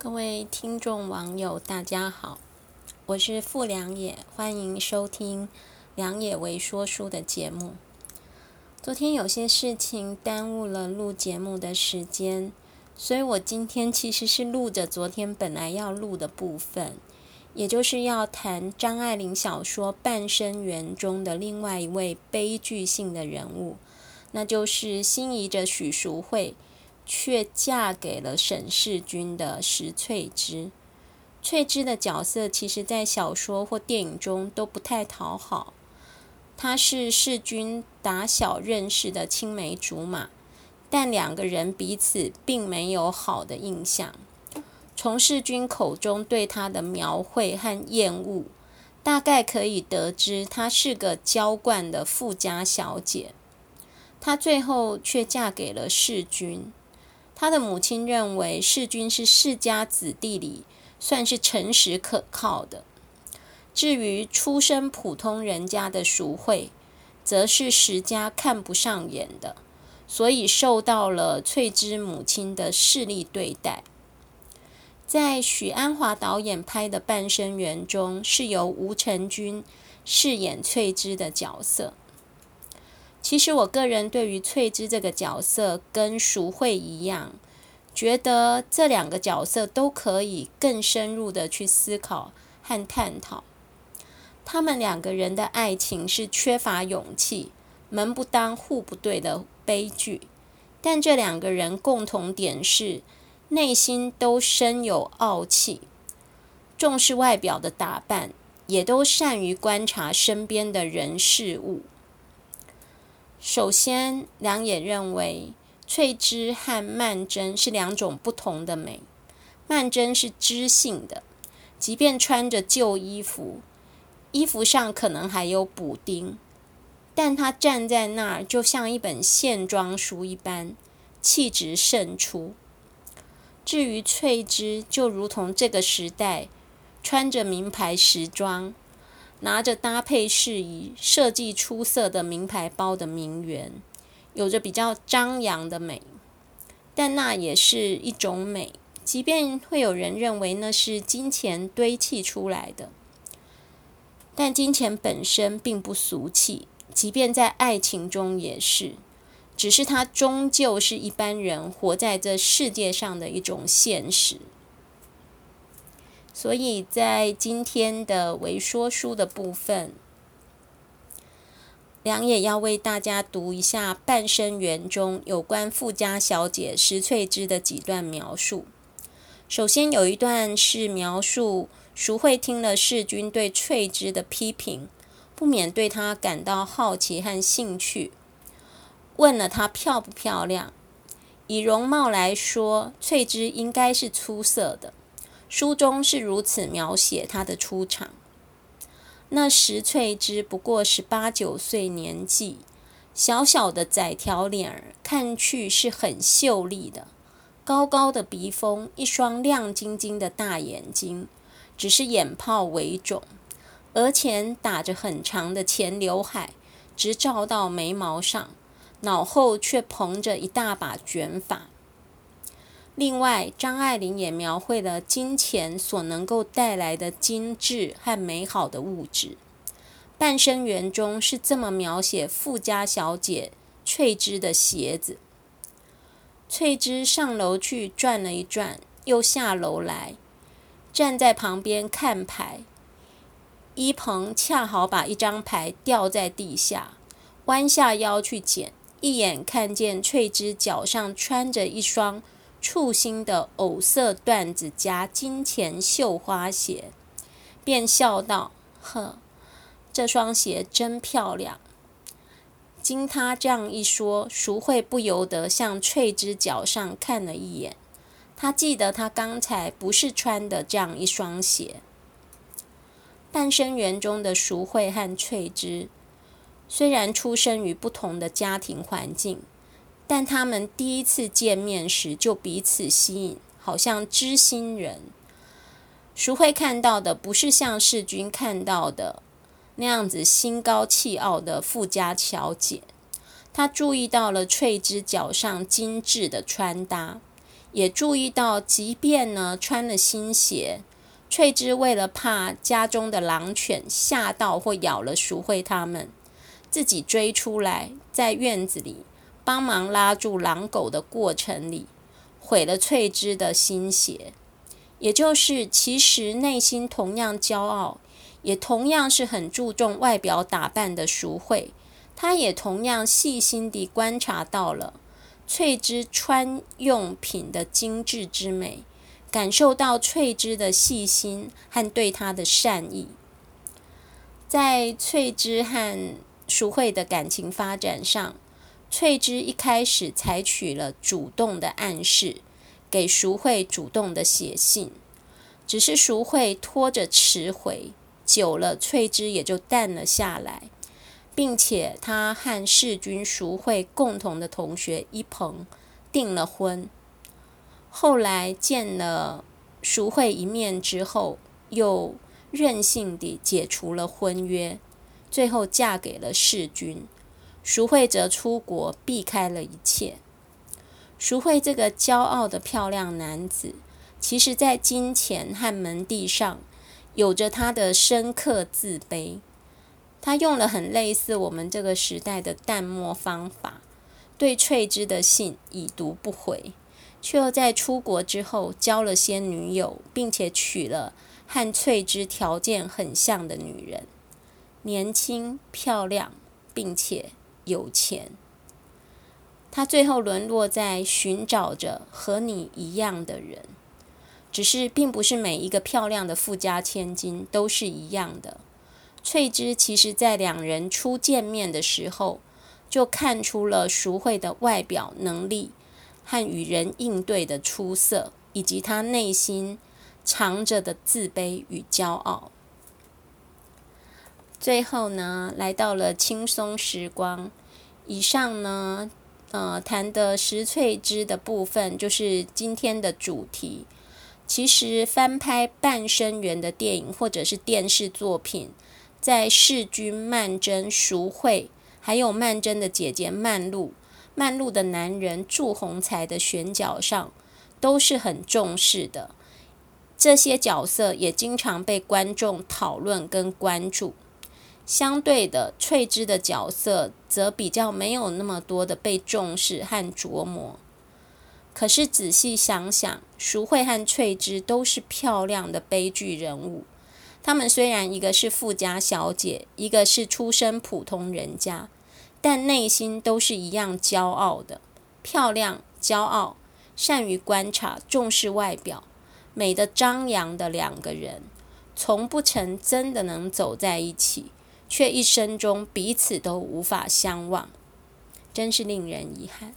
各位聽眾網友，大家好，我是傅良也，歡迎收聽《良也微說書》的節目。昨天有些事情耽誤了錄節目的時間，所以我今天其實是錄着昨天本來要錄的部分，也就是要談張愛玲小說《半生緣》中的另外一位悲劇性的人物，那就是心儀着許叔惠。卻嫁給了沈世鈞的石翠芝。翠芝的角色其實，在小說或電影中都不太討好。她是世鈞打小認識的青梅竹馬，但兩個人彼此並沒有好的印象。從世鈞口中對她的描繪和厭惡，大概可以得知，她是個嬌慣的富家小姐。她最後卻嫁給了世鈞。他的母親認為世鈞是世家子弟裡算是誠實可靠的，至於出身普通人家的叔惠，則是石家看不上眼的，所以受到了翠芝母親的勢利對待。在許鞍華導演拍的《半生緣》中，是由吳辰君飾演翠芝的角色。其實我個人對於翠芝這個角色跟叔惠一樣，覺得這兩個角色都可以更深入的去思考和探討。他們兩個人的愛情是缺乏勇氣、門不當戶不對的悲劇，但這兩個人共同點是內心都深有傲氣，重視外表的打扮，也都善於觀察身邊的人事物。首先，良也認為翠芝和曼楨是兩種不同的美。曼楨是知性的，即便穿着舊衣服，衣服上可能還有補丁，但她站在那兒就像一本線裝書一般，氣質勝出。至於翠芝，就如同這個時代穿着名牌時裝。拿着搭配適宜、設計出色的名牌包的名媛，有着比較張揚的美，但那也是一種美。即便會有人認為那是金錢堆砌出來的，但金錢本身並不俗氣，即便在愛情中也是。只是它終究是一般人活在這世界上的一種現實。所以在今天的微說書的部分，良也要為大家讀一下《半生緣》中有關富家小姐石翠芝的幾段描述。首先有一段是描述，叔惠聽了世鈞對翠芝的批評，不免對她感到好奇和興趣，問了她漂不漂亮。以容貌來說，翠芝應該是出色的。書中是如此描寫她的出場：那石翠芝不過十八九歲年紀，小小的窄條臉兒，看去是很秀麗的；高高的鼻峰，一雙亮晶晶的大眼睛，只是眼泡微腫，額前打着很長的前劉海，直罩到眉毛上，腦後卻蓬着一大把卷髮。另外，張愛玲也描繪了金錢所能夠帶來的精致和美好的物質。《半生緣》中是這麼描寫富家小姐翠芝的鞋子：翠芝上樓去轉了一轉，又下樓來，站在旁邊看牌。一鵬恰好把一張牌掉在地下，彎下腰去撿，一眼看見翠芝腳上穿着一雙。簇新的藕色緞子夾金錢繡花鞋，便笑道：“呵，這雙鞋真漂亮。”經他這樣一說，叔惠不由得向翠芝腳上看了一眼。他記得他剛才不是穿的這樣一雙鞋。半生緣中的叔惠和翠芝雖然出身於不同的家庭環境。但他們第一次見面時就彼此吸引，好像知心人。叔惠看到的不是像世鈞看到的那樣子心高氣傲的富家小姐，她注意到了翠芝腳上精致的穿搭，也注意到，即便呢穿了新鞋，翠芝為了怕家中的狼犬嚇到或咬了叔惠他們，自己追出來，在院子裡。幫忙拉住狼狗的過程裡，毀了翠芝的新鞋，也就是其實內心同樣驕傲，也同樣是很注重外表打扮的叔惠，他也同樣細心地觀察到了翠芝穿用品的精致之美，感受到翠芝的細心和對他的善意，在翠芝和叔惠的感情發展上。翠芝一開始採取了主動的暗示，給叔惠主動的寫信，只是叔惠拖着遲回，久了，翠芝也就淡了下來，並且她和世鈞、叔惠共同的同學一鵬訂了婚，後來見了叔惠一面之後，又任性地解除了婚約，最後嫁給了世鈞。叔惠則出國，避開了一切。叔惠這個驕傲的漂亮男子，其實在金錢和門第上有着他的深刻自卑。他用了很類似我們這個時代的淡漠方法，對翠芝的信已讀不回，卻又在出國之後交了些女友，並且娶了和翠芝條件很像的女人，年輕漂亮，並且。有錢，他最後淪落在尋找着和你一樣的人。只是，並不是每一個漂亮的富家千金都是一樣的。翠芝其實在兩人初見面的時候，就看出了叔惠的外表能力，和與人應對的出色，以及他內心藏着的自卑與驕傲。最後呢，來到了輕鬆時光。以上呢，呃，談的石翠芝的部分就是今天的主題。其實翻拍《半生緣》的電影或者是電視作品，在世鈞、曼楨、叔惠，還有曼楨的姐姐曼璐、曼璐的男人祝鴻才的選角上，都是很重視的。這些角色也經常被觀眾討論跟關注。相對的，翠芝的角色則比較沒有那麼多的被重視和著墨。可是仔細想想，叔惠和翠芝都是漂亮的悲劇人物。他們雖然一個是富家小姐，一個是出身普通人家，但內心都是一樣驕傲的，漂亮、驕傲、善於觀察、重視外表、美的張揚的兩個人，從不曾真的能走在一起。卻一生中彼此都無法相忘，真是令人遺憾。